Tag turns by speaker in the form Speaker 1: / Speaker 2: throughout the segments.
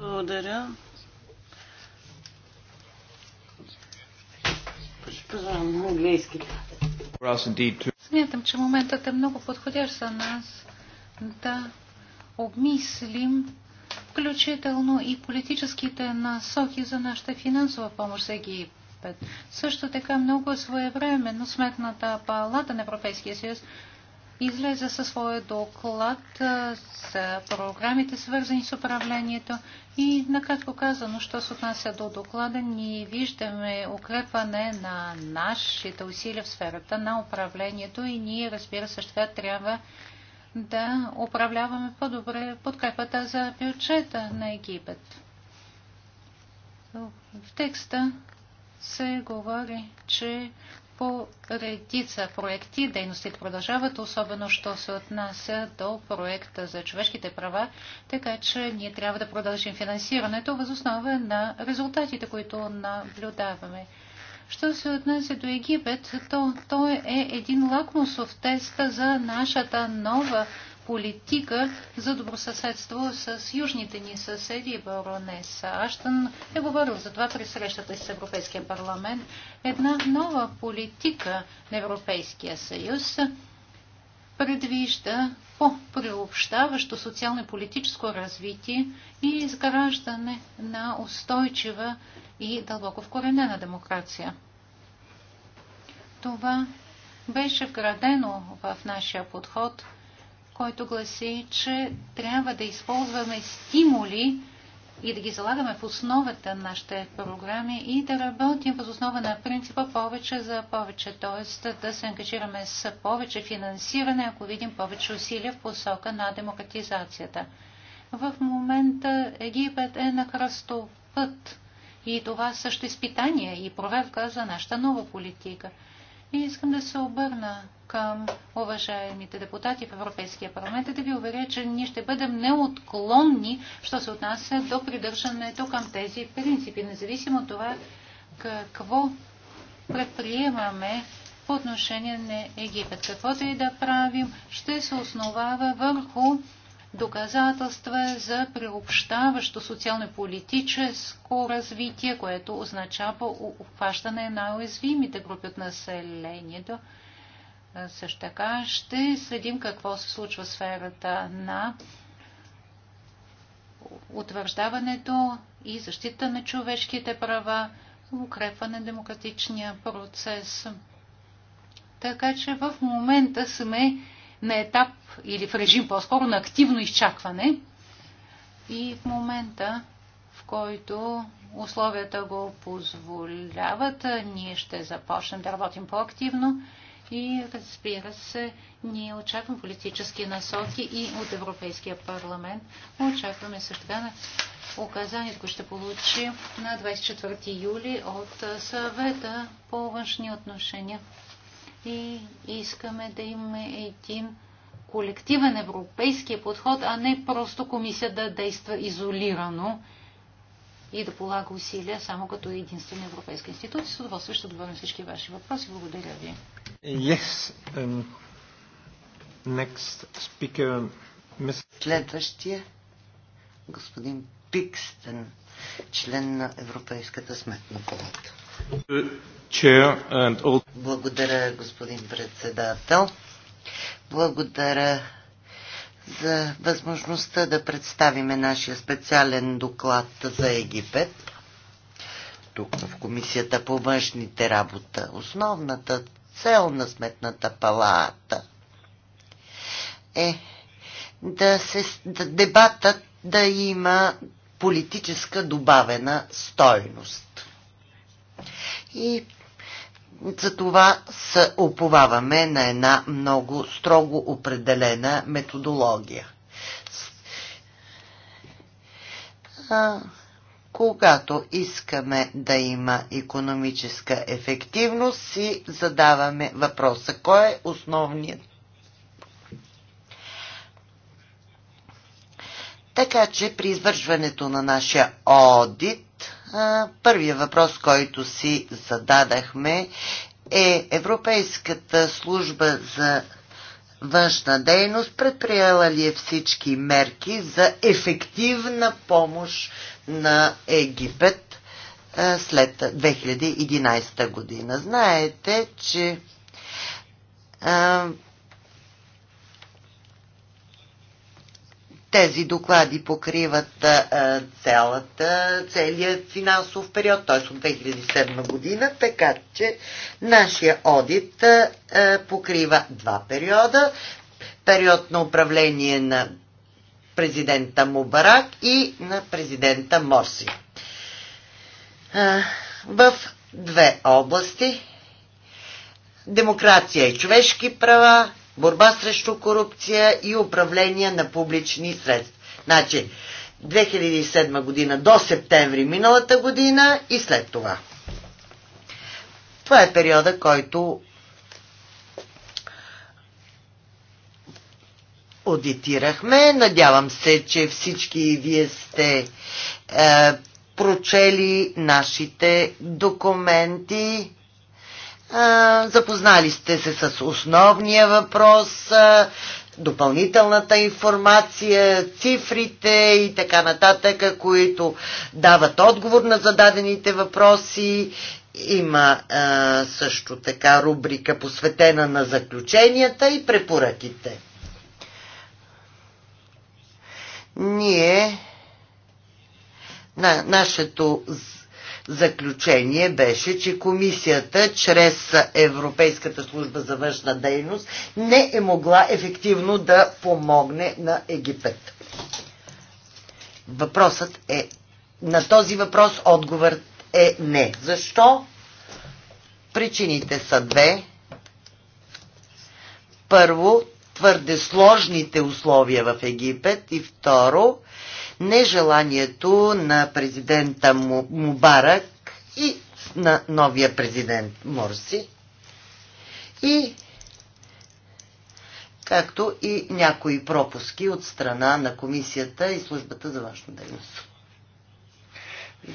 Speaker 1: Благодаря.
Speaker 2: Смятам, че моментът е много подходящ за нас да обмислим включително и политическите насоки за нашата финансова помощ за Египет. Също така много е своевременно Сметната палата на Европейския съюз излезе със своя доклад за програмите, свързани с управлението. И накратко казано, що се отнася до доклада, ние виждаме укрепване на нашите усилия в сферата на управлението и ние, разбира се, ще трябва да управляваме по-добре подкрепата за бюджета на Египет. В текста се говори, че по редица проекти дейностите продължават, особено що се отнася до проекта за човешките права, така че ние трябва да продължим финансирането възоснова на резултатите, които наблюдаваме. Що се отнася до Египет, то той е един лакмусов тест за нашата нова политика за добросъседство с южните ни съседи Баронеса Аштън е говорил за това при срещата с Европейския парламент. Една нова политика на Европейския съюз предвижда по-приобщаващо социално и политическо развитие и изграждане на устойчива и дълбоко вкоренена демокрация. Това беше вградено в нашия подход – който гласи, че трябва да използваме стимули и да ги залагаме в основата на нашите програми и да работим въз основа на принципа повече за повече, т.е. да се ангажираме с повече финансиране, ако видим повече усилия в посока на демократизацията. В момента Египет е на кръстов път и това също изпитание и проверка за нашата нова политика. И искам да се обърна към уважаемите депутати в Европейския парламент е да ви уверя, че ние ще бъдем неотклонни, що се отнася до придържането към тези принципи, независимо от това какво предприемаме по отношение на Египет. Каквото и да правим, ще се основава върху доказателства за приобщаващо социално-политическо развитие, което означава обхващане на уязвимите групи от населението. Също така ще следим какво се случва в сферата на утвърждаването и защита на човешките права, укрепване на демократичния процес. Така че в момента сме на етап или в режим по-скоро на активно изчакване и в момента, в който условията го позволяват, ние ще започнем да работим по-активно и разбира се, ние очакваме политически насоки и от Европейския парламент. Очакваме също така указанието, което ще получи на 24 юли от съвета по външни отношения. И искаме да имаме един колективен европейски подход, а не просто комисия да действа изолирано и да полага усилия само като единствена европейска институция. С удоволствие ще отговоря всички ваши въпроси. Благодаря
Speaker 3: ви. Yes.
Speaker 4: Um, next speaker,
Speaker 5: miss... Следващия господин Пикстен, член на Европейската сметна палата. Благодаря, господин председател. Благодаря за възможността да представиме нашия специален доклад за Египет тук в Комисията по външните работа. Основната цел на Сметната палата е да се, да дебатът да има политическа добавена стойност. И затова се оповаваме на една много строго определена методология. А, когато искаме да има економическа ефективност, си задаваме въпроса, кой е основният Така че при извършването на нашия одит Първият въпрос, който си зададахме е Европейската служба за външна дейност предприела ли е всички мерки за ефективна помощ на Египет след 2011 година. Знаете, че Тези доклади покриват а, цялата, целият финансов период, т.е. от 2007 година, така че нашия одит а, покрива два периода. Период на управление на президента Мубарак и на президента Морси. в две области демокрация и човешки права борба срещу корупция и управление на публични средства. Значи, 2007 година до септември миналата година и след това. Това е периода, който аудитирахме. Надявам се, че всички вие сте е, прочели нашите документи. Запознали сте се с основния въпрос, допълнителната информация, цифрите и така нататък, които дават отговор на зададените въпроси. Има също така рубрика посветена на заключенията и препоръките. Ние, на, нашето заключение беше, че комисията чрез Европейската служба за външна дейност не е могла ефективно да помогне на Египет. Въпросът е на този въпрос отговорът е не. Защо? Причините са две. Първо, твърде сложните условия в Египет и второ, нежеланието на президента Мубарак и на новия президент Морси и както и някои пропуски от страна на комисията и службата за външна дейност.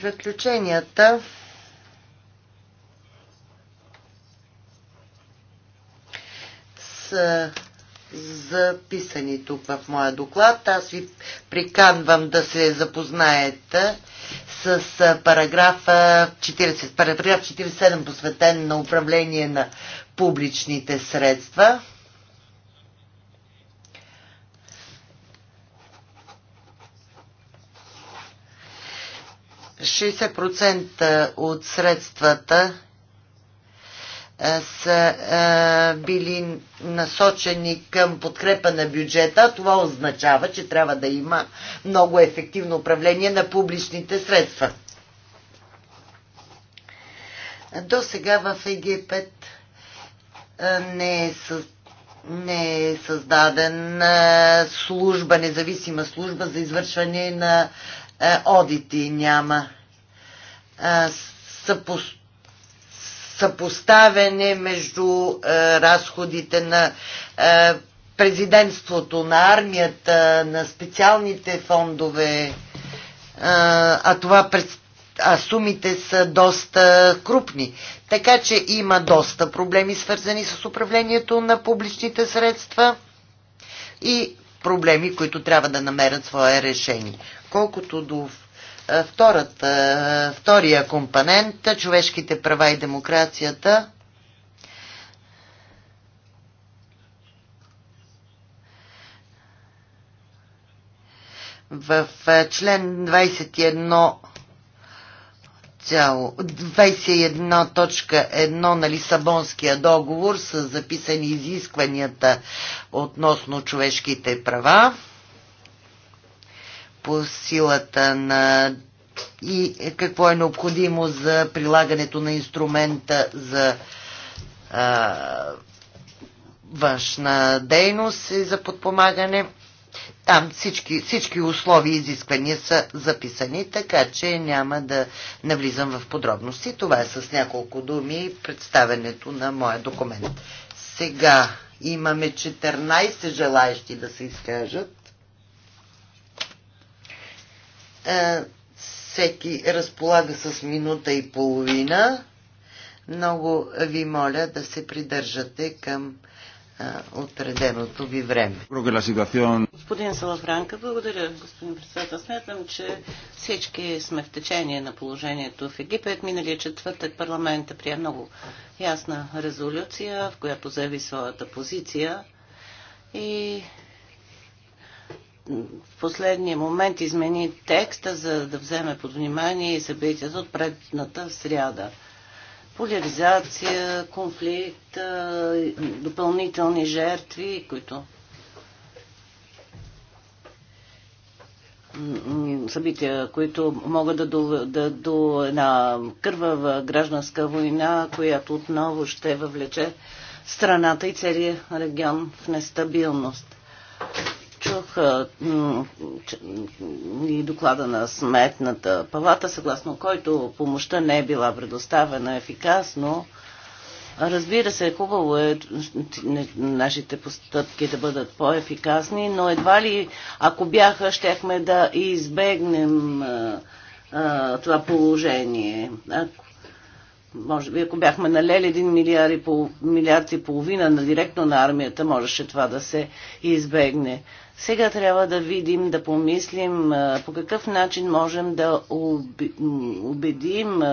Speaker 5: Заключенията са записани тук в моя доклад. Аз ви приканвам да се запознаете с параграф 40, параграф 47, посветен на управление на публичните средства. процента от средствата са а, били насочени към подкрепа на бюджета, това означава, че трябва да има много ефективно управление на публичните средства. До сега в Египет не е, съ... не е създадена служба, независима служба за извършване на одити. Няма съпост съпоставяне между е, разходите на е, президентството, на армията, на специалните фондове, е, а това пред, а сумите са доста крупни. Така че има доста проблеми, свързани с управлението на публичните средства и проблеми, които трябва да намерят свое решение. Колкото до втората, втория компонент човешките права и демокрацията в член 21 21.1 на Лисабонския договор са записани изискванията относно човешките права по силата на и какво е необходимо за прилагането на инструмента за а, външна дейност и за подпомагане. Там всички, всички условия и изисквания са записани, така че няма да навлизам в подробности. Това е с няколко думи представенето на моя документ. Сега имаме 14 желаящи да се изкажат. Е, всеки разполага с минута и половина. Много ви моля да се придържате към е, отреденото ви време. Господин
Speaker 1: Салафранка, благодаря, господин председател. Смятам, че всички сме в течение на положението в Египет. Миналия четвъртък парламента прие много ясна резолюция, в която заяви своята позиция и в последния момент измени текста, за да вземе под внимание събитията от предната сряда. Поляризация, конфликт, допълнителни жертви, които събития, които могат да доведат до една кървава гражданска война, която отново ще въвлече страната и целият регион в нестабилност тук и доклада на Сметната палата, съгласно който помощта не е била предоставена ефикасно. Разбира се, хубаво е нашите постъпки да бъдат по-ефикасни, но едва ли, ако бяха, щехме да избегнем а, това положение. Ако може би ако бяхме налели един милиард и, пол, милиард и половина на директно на армията, можеше това да се избегне. Сега трябва да видим, да помислим по какъв начин можем да убедим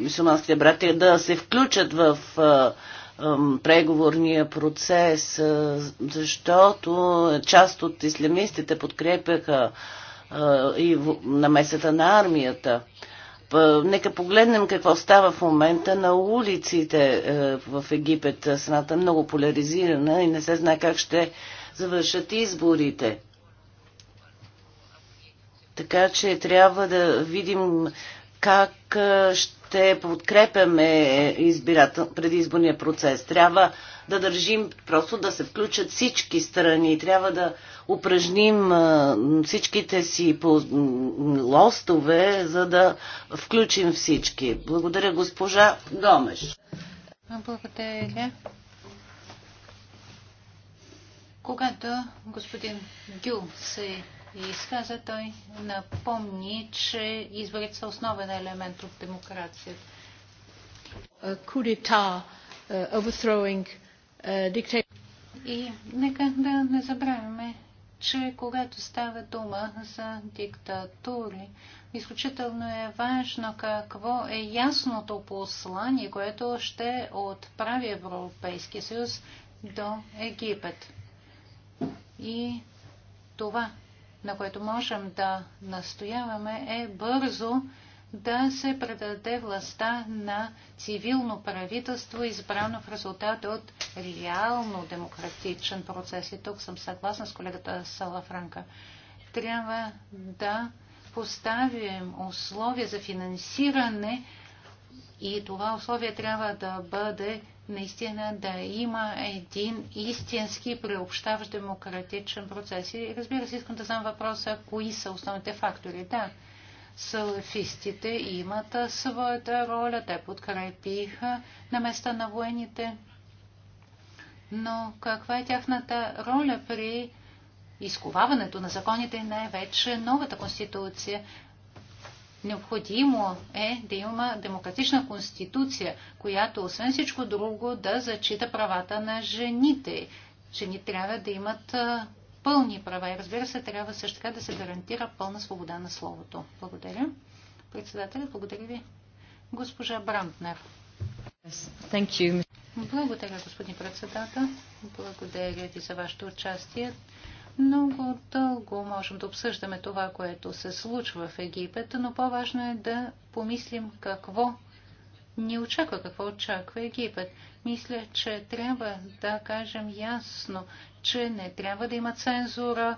Speaker 1: мисуманските братия да се включат в преговорния процес, защото част от ислямистите подкрепяха и намесата на армията. Е, нека погледнем какво става в момента на улиците е, в Египет. Страната е много поляризирана и не се знае как ще завършат изборите. Така че трябва да видим как ще подкрепяме избирател, предизборния процес. Трябва да държим просто да се включат всички страни. Трябва да упражним всичките си лостове, за да включим всички. Благодаря госпожа Гомеш.
Speaker 2: Благодаря. Когато господин Гю се изказа, той напомни, че изборите са основен елемент от демокрацията. Кудета, е, overthrowing е, И нека да не забравяме, че когато става дума за диктатури, изключително е важно какво е ясното послание, което ще отправи Европейския съюз до Египет. И това на което можем да настояваме, е бързо да се предаде властта на цивилно правителство, избрано в резултат от реално демократичен процес. И тук съм съгласна с колегата Салафранка. Трябва да поставим условия за финансиране и това условие трябва да бъде наистина да има един истински приобщаващ демократичен процес. И разбира се, искам да знам въпроса, кои са основните фактори. Да, салафистите имат своята роля, те подкрепиха на места на военните. Но каква е тяхната роля при изковаването на законите и най-вече новата конституция? Необходимо е да има демократична конституция, която освен всичко друго да зачита правата на жените. Жени трябва да имат пълни права и разбира се, трябва също така да се гарантира пълна свобода на словото. Благодаря. Председателя, благодаря ви. Госпожа Брантнер. Благодаря, господин председател. Благодаря ви за вашето участие. Много дълго можем да обсъждаме това, което се случва в Египет, но по-важно е да помислим какво ни очаква, какво очаква Египет. Мисля, че трябва да кажем ясно, че не трябва да има цензура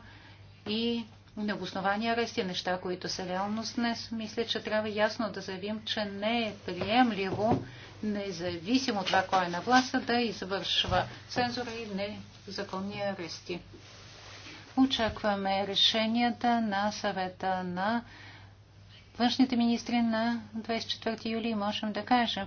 Speaker 2: и необосновани арести, неща, които са реалност днес. Мисля, че трябва ясно да заявим, че не е приемливо, независимо от това, кой е на власт, да извършва цензура и незаконни арести. Очакваме решенията на съвета на външните министри на 24 юли. Можем да кажем,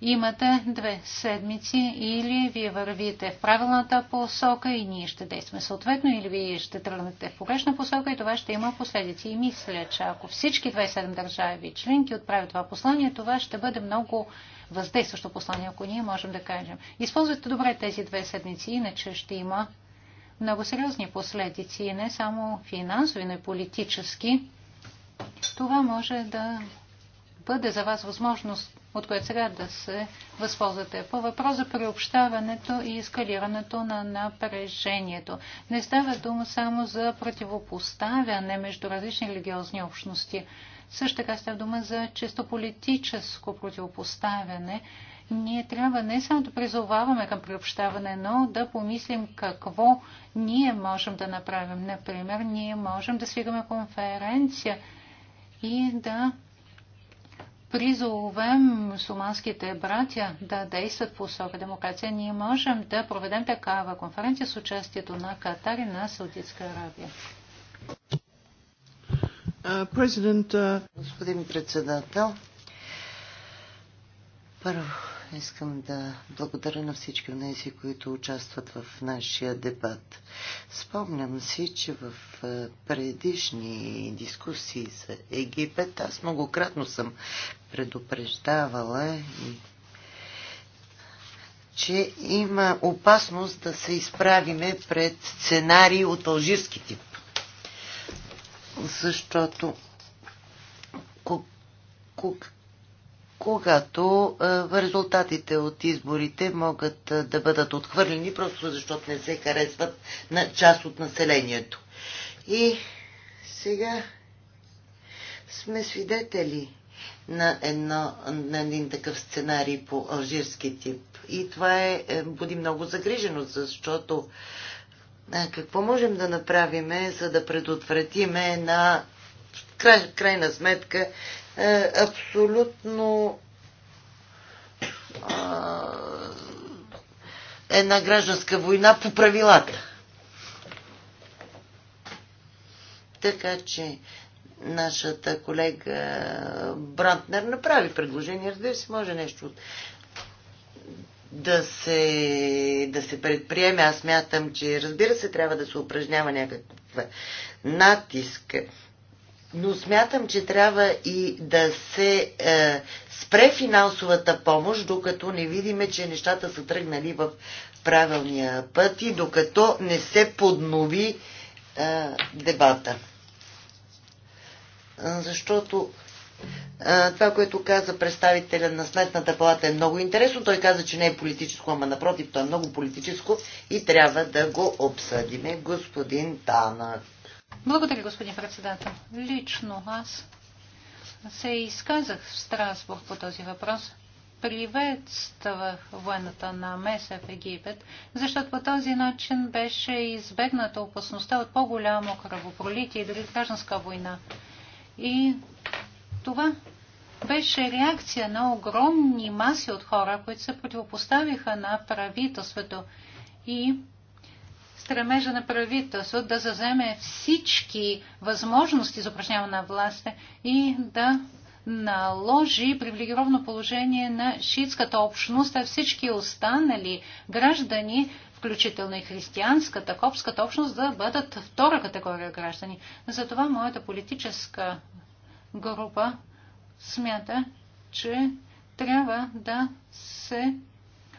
Speaker 2: имате две седмици или вие вървите в правилната посока и ние ще действаме съответно, или вие ще тръгнете в погрешна посока и това ще има последици. И мисля, че ако всички 27 държави членки отправят това послание, това ще бъде много въздействащо послание, ако ние можем да кажем. Използвайте добре тези две седмици, иначе ще има много сериозни последици, не само финансови, но и политически. Това може да бъде за вас възможност, от която сега да се възползвате. По въпрос за приобщаването и ескалирането на напрежението. Не става дума само за противопоставяне между различни религиозни общности. Също така става дума за чисто политическо противопоставяне ние трябва не само да призоваваме към приобщаване, но да помислим какво ние можем да направим. Например, ние можем да свигаме конференция и да призовем суманските братя да действат по посока демокрация. Ние можем да проведем такава конференция с участието на Катар и на Саудитска Арабия.
Speaker 5: Uh, uh... Господин председател, първо, искам да благодаря на всички от тези, които участват в нашия дебат. Спомням си, че в предишни дискусии за Египет аз многократно съм предупреждавала че има опасност да се изправиме пред сценарии от алжирски тип. Защото когато е, резултатите от изборите могат е, да бъдат отхвърлени, просто защото не се харесват на част от населението. И сега сме свидетели на, едно, на един такъв сценарий по алжирски тип. И това е, е буди много загрижено, защото какво можем да направим, за да предотвратиме на край, крайна сметка е абсолютно а, една гражданска война по правилата. Така че нашата колега Брантнер направи предложение. Разбира се, може нещо да се, да се предприеме. Аз мятам, че разбира се, трябва да се упражнява някакъв натиск но смятам, че трябва и да се е, спре финансовата помощ, докато не видиме, че нещата са тръгнали в правилния път и докато не се поднови е, дебата. Защото е, това, което каза представителя на Сметната палата е много интересно. Той каза, че не е политическо, ама напротив, то е много политическо и трябва да го обсъдиме, господин
Speaker 2: Танък. Благодаря, господин председател. Лично аз се изказах в Страсбург по този въпрос. Приветствах войната на Меса в Египет, защото по този начин беше избегната опасността от по-голямо кръвопролитие и дори гражданска война. И това беше реакция на огромни маси от хора, които се противопоставиха на правителството и стремежа на правителство да заземе всички възможности за упражняване на власт и да наложи привилегировано положение на шиитската общност, а всички останали граждани, включително и християнската, копската общност, да бъдат втора категория граждани. Затова моята политическа група смята, че трябва да се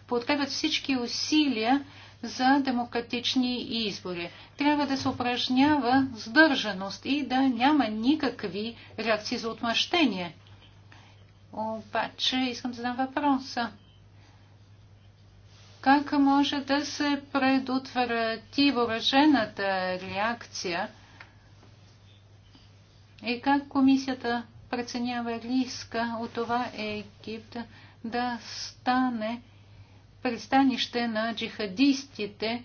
Speaker 2: подкрепят всички усилия за демократични избори. Трябва да се упражнява сдържаност и да няма никакви реакции за отмъщение. Обаче искам да задам въпроса. Как може да се предотврати въоръжената реакция и как комисията преценява риска от това Египет да стане пристанище на джихадистите,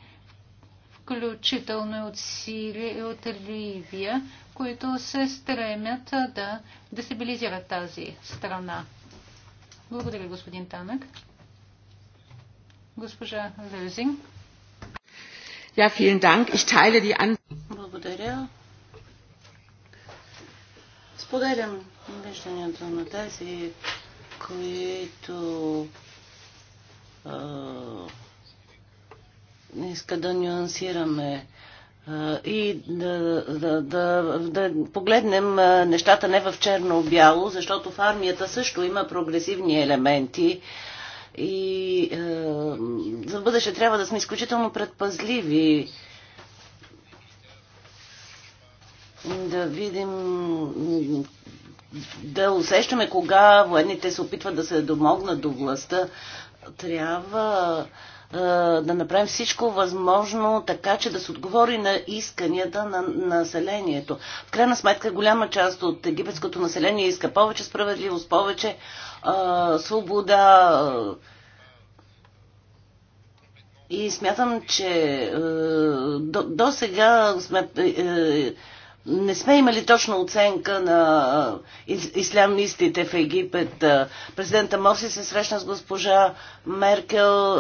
Speaker 2: включително и от Сирия и от Ливия, които се стремят да дестабилизират тази страна. Благодаря, господин Танък. Госпожа Лезинг.
Speaker 5: Ja, vielen Dank. Ich teile die An
Speaker 2: Благодаря. Споделям
Speaker 1: вижданията на тези, които иска да нюансираме и да, да, да, да погледнем нещата не в черно-бяло, защото в армията също има прогресивни елементи и е, за бъдеще трябва да сме изключително предпазливи да видим да усещаме кога военните се опитват да се домогнат до властта, трябва да направим всичко възможно, така че да се отговори на исканията на населението. В крайна сметка, голяма част от египетското население иска повече справедливост, повече а, свобода. И смятам, че до, до сега сме. А, не сме имали точна оценка на ислямистите в Египет. Президента Моси се срещна с госпожа Меркел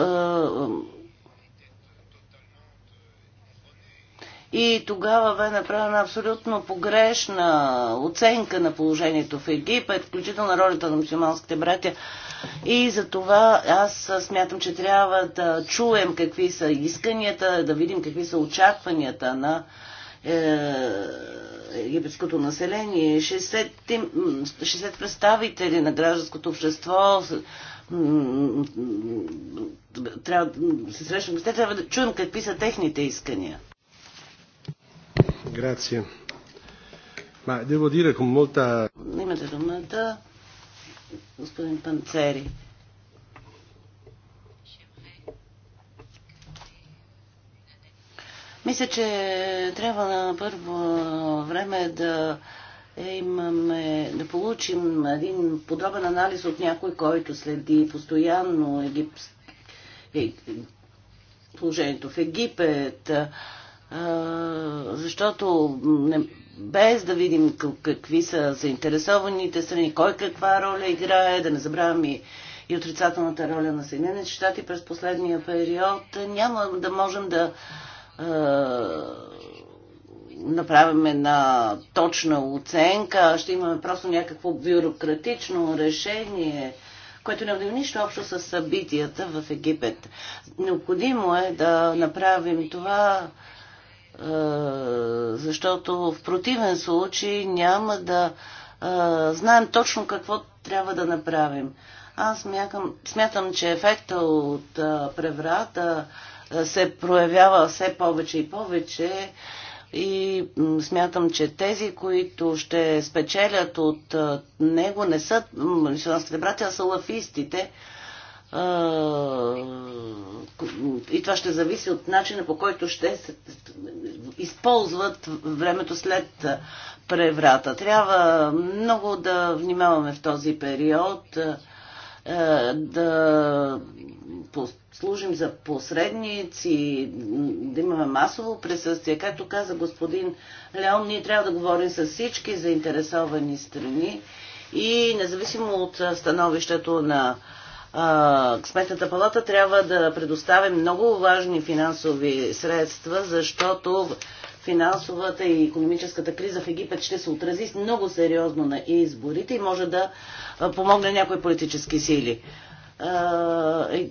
Speaker 1: и тогава бе направена абсолютно погрешна оценка на положението в Египет, включително на ролята на мусулманските братя. И за това аз смятам, че трябва да чуем какви са исканията, да видим какви са очакванията на е, египетското население, 60, 60 представители на гражданското общество, трябва да се срещам те, трябва да чуем какви са техните искания.
Speaker 6: Грация. Ма, дево dire con
Speaker 1: Имате думата, господин Панцери. Мисля, че трябва на първо време да имаме, да получим един подобен анализ от някой, който следи постоянно Егип... Е... положението в Египет, а, защото не... без да видим какви са заинтересованите страни, кой каква роля играе, да не забравяме и и отрицателната роля на Съединените щати през последния период, няма да можем да е, направим една точна оценка, ще имаме просто някакво бюрократично решение, което не да има нищо общо с събитията в Египет. Необходимо е да направим това, е, защото в противен случай няма да е, знаем точно какво трябва да направим. Аз смятам, смятам че ефекта от преврата се проявява все повече и повече и смятам, че тези, които ще спечелят от него, не са мусулманските братя, а са лафистите. И това ще зависи от начина по който ще се използват времето след преврата. Трябва много да внимаваме в този период е, да служим за посредници, да имаме масово присъствие. Както каза господин Леон, ние трябва да говорим с всички заинтересовани страни и независимо от становището на е, Сметната палата, трябва да предоставим много важни финансови средства, защото финансовата и економическата криза в Египет ще се отрази много сериозно на изборите и може да помогне някои политически сили. Е,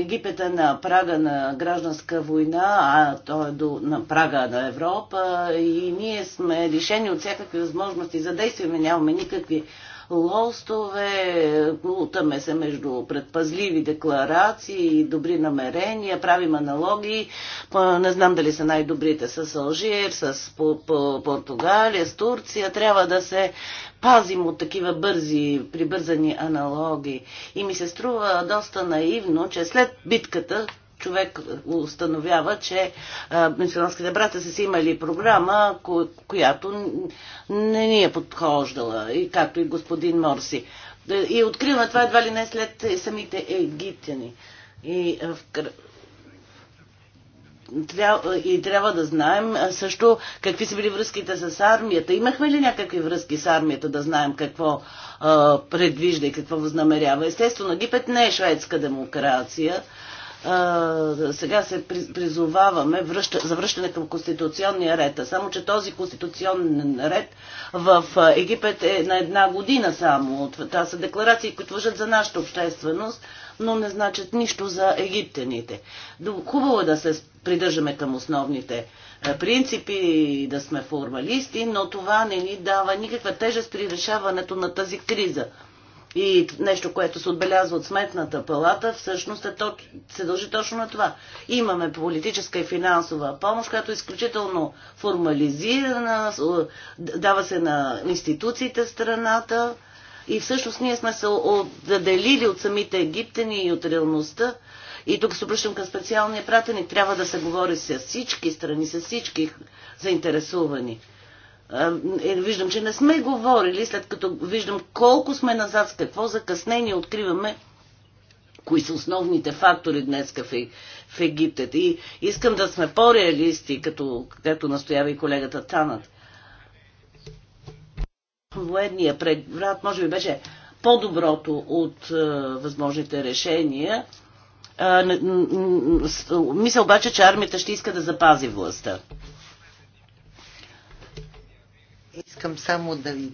Speaker 1: Египет е на прага на гражданска война, а той е до, на прага на Европа и ние сме лишени от всякакви възможности за действие. Нямаме никакви лостове, лутаме се между предпазливи декларации и добри намерения, правим аналогии. Не знам дали са най-добрите с Алжир, с Португалия, с Турция. Трябва да се пазим от такива бързи, прибързани аналоги. И ми се струва доста наивно, че след битката, човек установява, че е, мусулманските брата са си имали програма, ко която не ни е подхождала, и както и господин Морси. Е, и открива това едва ли не след самите египтяни. И е, в и трябва да знаем също какви са били връзките с армията. Имахме ли някакви връзки с армията да знаем какво предвижда и какво възнамерява? Естествено, Египет не е шведска демокрация сега се призоваваме за връщане към конституционния ред. А само, че този конституционен ред в Египет е на една година само. Това са декларации, които въжат за нашата общественост, но не значат нищо за египтяните. Хубаво е да се придържаме към основните принципи, да сме формалисти, но това не ни дава никаква тежест при решаването на тази криза и нещо, което се отбелязва от сметната палата, всъщност е то, се дължи точно на това. Имаме политическа и финансова помощ, която е изключително формализирана, дава се на институциите в страната и всъщност ние сме се отделили от самите египтени и от реалността. И тук се обръщам към специалния пратеник. Трябва да се говори с всички страни, с всички заинтересувани. Е, е, виждам, че не сме говорили, след като виждам колко сме назад, с какво закъснение откриваме кои са основните фактори днес в, е, в Египет. И искам да сме по-реалисти, като, като настоява и колегата Танат. Военния преврат, може би, беше по-доброто от е, възможните решения. Е, мисля обаче, че армията ще иска да запази властта.
Speaker 5: Искам само да ви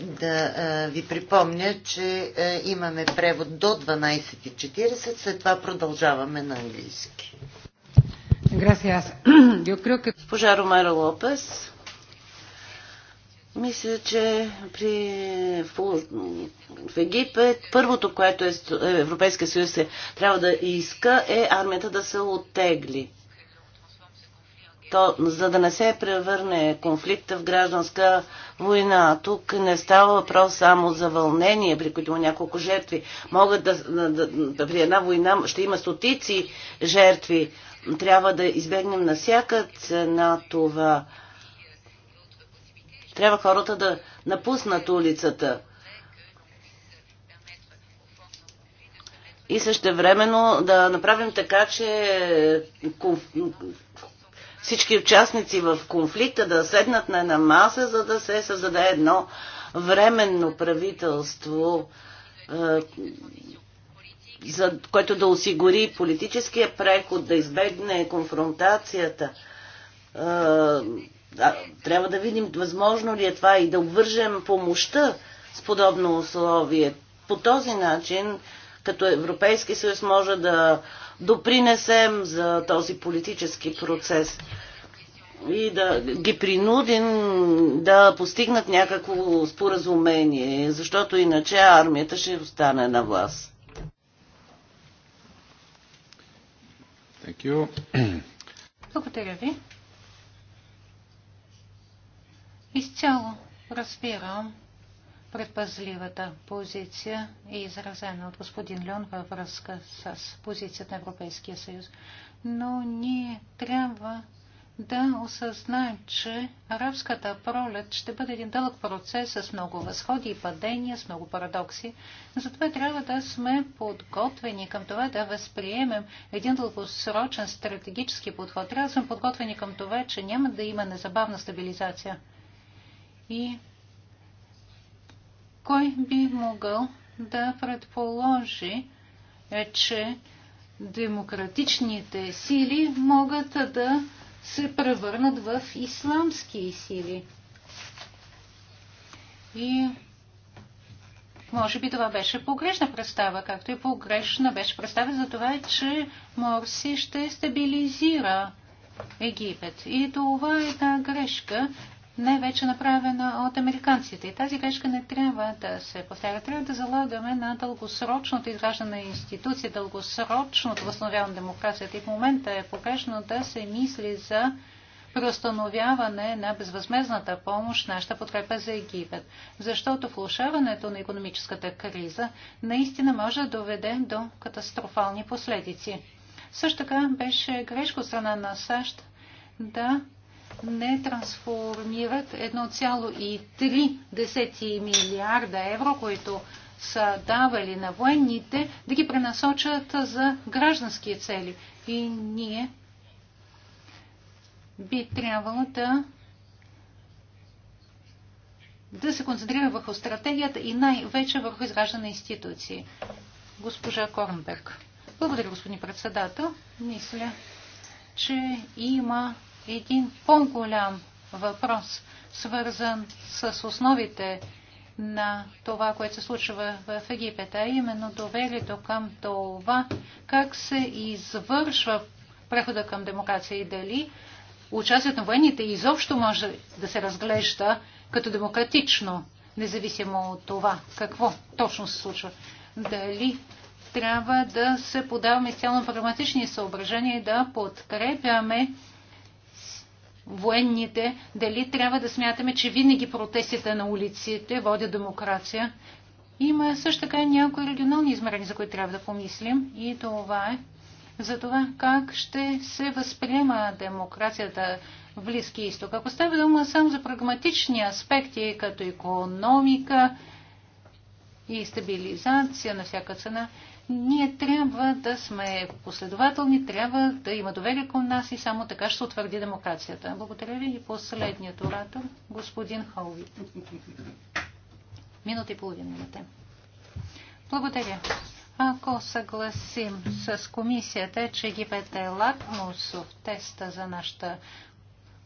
Speaker 5: да а, ви припомня, че а, имаме превод до 12.40, след това продължаваме на английски. Госпожа Ромеро Лопес, мисля,
Speaker 1: че при, в, в Египет първото, което е, Европейския съюз е, трябва да иска, е армията да се оттегли то, за да не се превърне конфликта в гражданска война. Тук не става въпрос само за вълнение, при които има няколко жертви. Могат да, да, да, при една война ще има стотици жертви. Трябва да избегнем на всяка цена това. Трябва хората да напуснат улицата. И също времено да направим така, че всички участници в конфликта да седнат на една маса, за да се създаде едно временно правителство, е, за, което да осигури политическия преход, да избегне конфронтацията. Е, трябва да видим възможно ли е това и да обвържем помощта с подобно условие. По този начин, като Европейски съюз може да допринесем за този политически процес и да ги принудим да постигнат някакво споразумение, защото иначе армията ще остане на власт.
Speaker 2: Благодаря ви. Изцяло разбирам предпазливата позиция е изразена от господин Леон във връзка с позицията на Европейския съюз. Но ние трябва да осъзнаем, че арабската пролет ще бъде един дълъг процес с много възходи и падения, с много парадокси. Затова трябва да сме подготвени към това да възприемем един дългосрочен стратегически подход. Трябва да сме подготвени към това, че няма да има незабавна стабилизация. И кой би могъл да предположи, е, че демократичните сили могат да се превърнат в исламски сили? И може би това беше погрешна представа, както и погрешна беше представа за това, че Морси ще стабилизира Египет. И това е една грешка, не вече направена от американците. И тази грешка не трябва да се повтаря. Трябва да залагаме на дългосрочното изграждане на институции, дългосрочното възстановяване на демокрацията. И в момента е погрешно да се мисли за преустановяване на безвъзмезната помощ, нашата подкрепа за Египет. Защото влушаването на економическата криза наистина може да доведе до катастрофални последици. Също така беше грешка от страна на САЩ да не трансформират 1,3 милиарда евро, които са давали на военните, да ги пренасочат за граждански цели. И ние би трябвало да да се концентрира върху стратегията и най-вече върху изграждане на институции. Госпожа Корнберг. Благодаря, господин председател. Мисля, че има един по-голям въпрос, свързан с основите на това, което се случва в Египет, а именно доверието към това, как се извършва прехода към демокрация и дали участието на военните изобщо може да се разглежда като демократично, независимо от това какво точно се случва. Дали трябва да се подаваме изцяло на прагматични съображения и да подкрепяме военните, дали трябва да смятаме, че винаги протестите на улиците водят демокрация. Има също така някои регионални измерения, за които трябва да помислим. И това е за това как ще се възприема демокрацията в Близки изток. Ако става дума само за прагматични аспекти, като економика и стабилизация на всяка цена, ние трябва да сме последователни, трябва да има доверие към нас и само така ще се утвърди демокрацията. Благодаря ви и последният оратор, господин Холви. Минута и половина имате. Благодаря. Ако съгласим с комисията, че ГПТ е лакмусов теста за нашата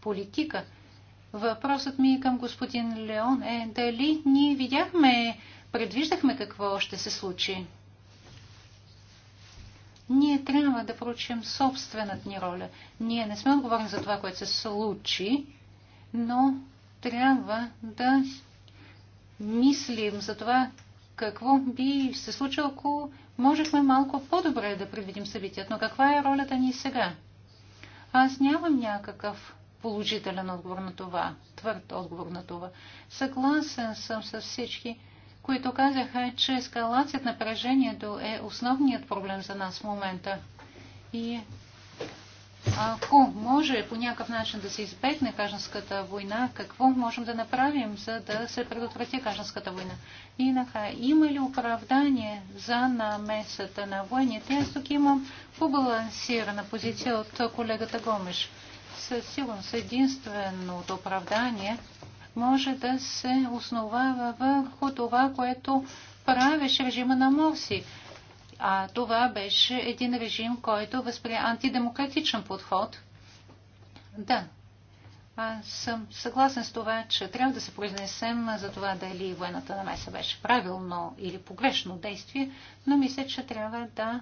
Speaker 2: политика, въпросът ми към господин Леон е дали ние видяхме, предвиждахме какво ще се случи. Ние трябва да проучим собствената ни роля. Ние не сме отговорни за това, което се случи, но трябва да мислим за това, какво би се случило, ако можехме малко по-добре да предвидим събитието. Но каква е ролята ни сега? Аз нямам някакъв положителен отговор на това, твърд отговор на това. Съгласен съм с всички които казаха, че ескалацията напрежението е основният проблем за нас в момента. И ако може по някакъв начин да се избегне гражданската война, какво можем да направим, за да се предотврати гражданската война? И накрая, има ли оправдание за намесата на войните? Аз тук имам побалансирана позиция от колегата Гомеш. Със сигурност единственото оправдание – може да се основава върху това, което правеше режима на Морси. А това беше един режим, който възприе антидемократичен подход. Да, аз съм съгласен с това, че трябва да се произнесем за това дали военната намеса беше правилно или погрешно действие, но мисля, че трябва да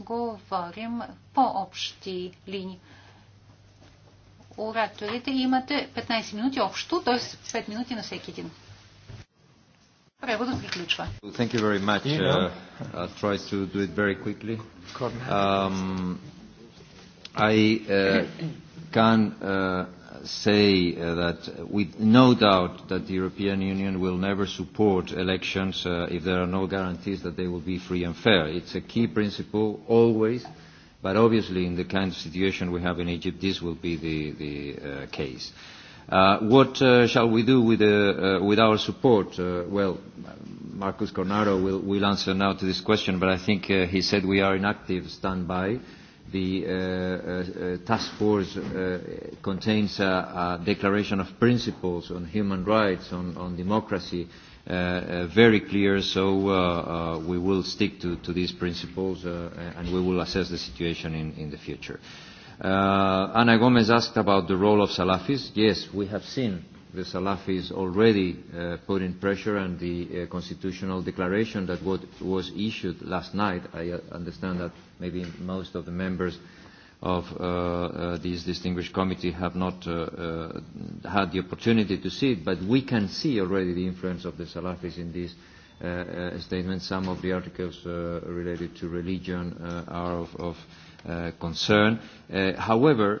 Speaker 2: говорим по-общи линии ораторите. Имате 15 минути общо, т.е. 5 минути на всеки един. Преводът приключва.
Speaker 3: Thank you very much. Uh, I'll try to do it very quickly. Um, I uh, can uh, say uh, that with no doubt that the European Union will never support elections uh, if there are no guarantees that they will be free and fair. It's a key principle always But obviously, in the kind of situation we have in Egypt, this will be the, the uh, case. Uh, what uh, shall we do with, uh, uh, with our support? Uh, well, Marcus Cornaro will, will answer now to this question, but I think uh, he said we are in active standby the uh, uh, task force uh, contains a, a declaration of principles on human rights, on, on democracy, uh, uh, very clear, so uh, uh, we will stick to, to these principles uh, and we will assess the situation in, in the future. Uh, Ana Gomez asked about the role of Salafis. Yes, we have seen uh, the Salafis already uh, put in pressure and the uh, constitutional declaration that what was issued last night, I uh, understand that maybe most of the members of uh, uh, this distinguished committee have not uh, uh, had the opportunity to see it, but we can see already the influence of the Salafis in this uh, uh, statement. Some of the articles uh, related to religion uh, are of, of uh, concern. Uh, however,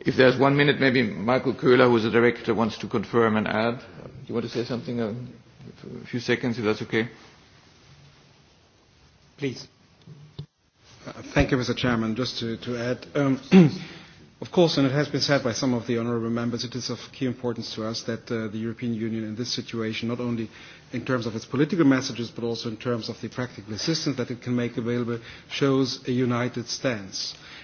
Speaker 7: If there's one minute, maybe Michael Köhler, who is the director, wants to confirm and add. Do you want to say something? A
Speaker 6: few seconds, if that's okay. Please. Thank you, Mr. Chairman. Just to, to add, um, of course, and it has been said by some of the honourable members, it is of key importance to us that uh, the European Union in this situation, not only in terms of its political messages, but also in terms of the practical assistance that it can make available, shows a united stance.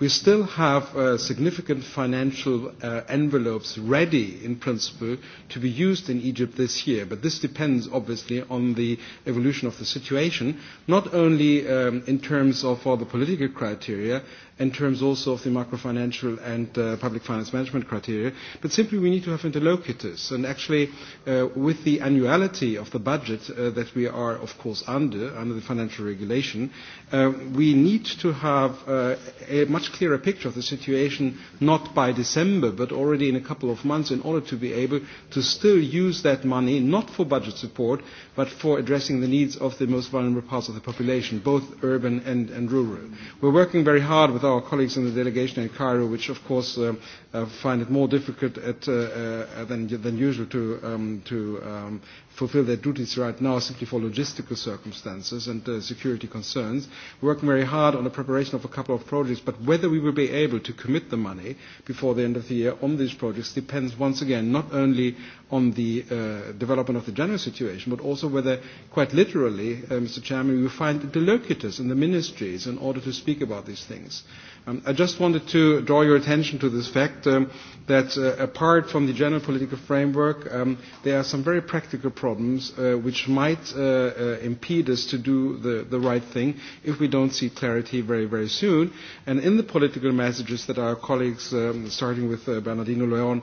Speaker 6: We still have uh, significant financial uh, envelopes ready, in principle, to be used in Egypt this year. But this depends, obviously, on the evolution of the situation, not only um, in terms of all the political criteria, in terms also of the macrofinancial and uh, public finance management criteria, but simply we need to have interlocutors. And actually, uh, with the annuality of the budget uh, that we are, of course, under, under the financial regulation, uh, we need to have uh, a much clearer picture of the situation not by December, but already in a couple of months in order to be able to still use that money, not for budget support, but for addressing the needs of the most vulnerable parts of the population, both urban and, and rural. We're working very hard with our colleagues in the delegation in Cairo, which of course uh, uh, find it more difficult at, uh, uh, than, than usual to, um, to um, fulfill their duties right now simply for logistical circumstances and uh, security concerns. We're working very hard on the preparation of a couple of projects, but whether we will be able to commit the money before the end of the year on these projects depends once again not only on the uh, development of the general situation, but also whether, quite literally, uh, Mr. Chairman, we find interlocutors in the ministries in order to speak about these things. Um, I just wanted to draw your attention to this fact um, that uh, apart from the general political framework, um, there are some very practical problems uh, which might uh, uh, impede us to do the, the right thing if we don't see clarity very, very soon. And in the political messages that our colleagues, um, starting with uh, Bernardino Leon,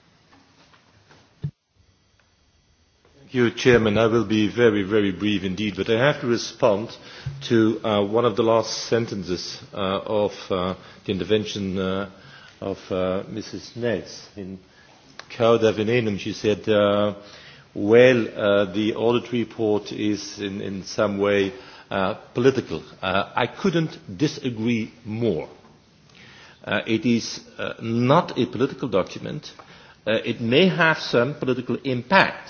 Speaker 4: Chairman, I will be very, very brief indeed, but I have to respond to uh, one of the last sentences uh, of uh, the intervention uh, of uh, Mrs. Nets. In Cauda Venenum, she said, uh, well, uh, the audit report is in, in some way uh, political. Uh, I couldn't disagree more. Uh, it is uh, not a political document. Uh, it may have some political impact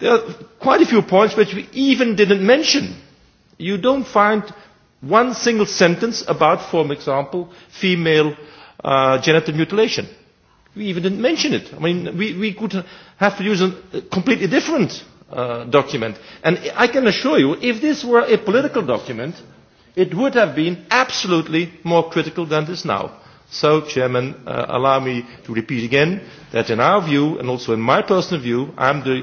Speaker 4: There are quite a few points which we even didn't mention. You don't find one single sentence about, for example, female uh, genital mutilation. We even didn't mention it. I mean, we, we could have to use a completely different uh, document. And I can assure you, if this were a political document, it would have been absolutely more critical than it is now. So, Chairman, uh, allow me to repeat again that in our view, and also in my personal view, I'm the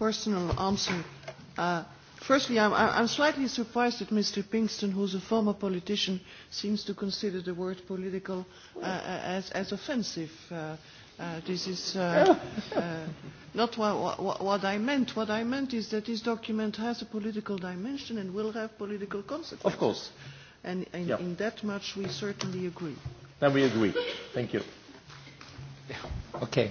Speaker 5: personal answer. Uh, firstly, I'm, I'm slightly surprised that Mr. Pinkston, who's a former politician, seems to consider the word political uh, as, as offensive. Uh, uh, this is uh, uh, not what, what, what I meant. What I meant is that this document has a political dimension and will have political consequences. Of course. And in, yeah. in that much we
Speaker 4: certainly agree. Then we agree. Thank you. Okay.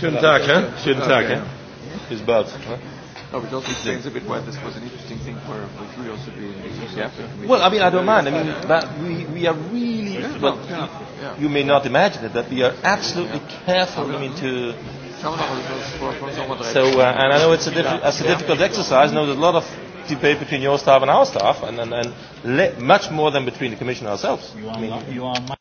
Speaker 7: Schönen Tag, hä? Schönen Tag, hä? Bis
Speaker 4: bald. No, but also it seems a bit why this was an interesting thing for, for you also being the Africa Committee. Well, I mean, I don't mind. I mean, but we, we are really, yeah, but yeah, yeah. you may not imagine it, but we are absolutely yeah. careful, I mean, to... So, uh, and I know it's a, diff- it's a difficult yeah. exercise. I know there's a lot of debate between your staff and our staff, and, and,
Speaker 3: and much more than between the Commission ourselves. You are, I mean,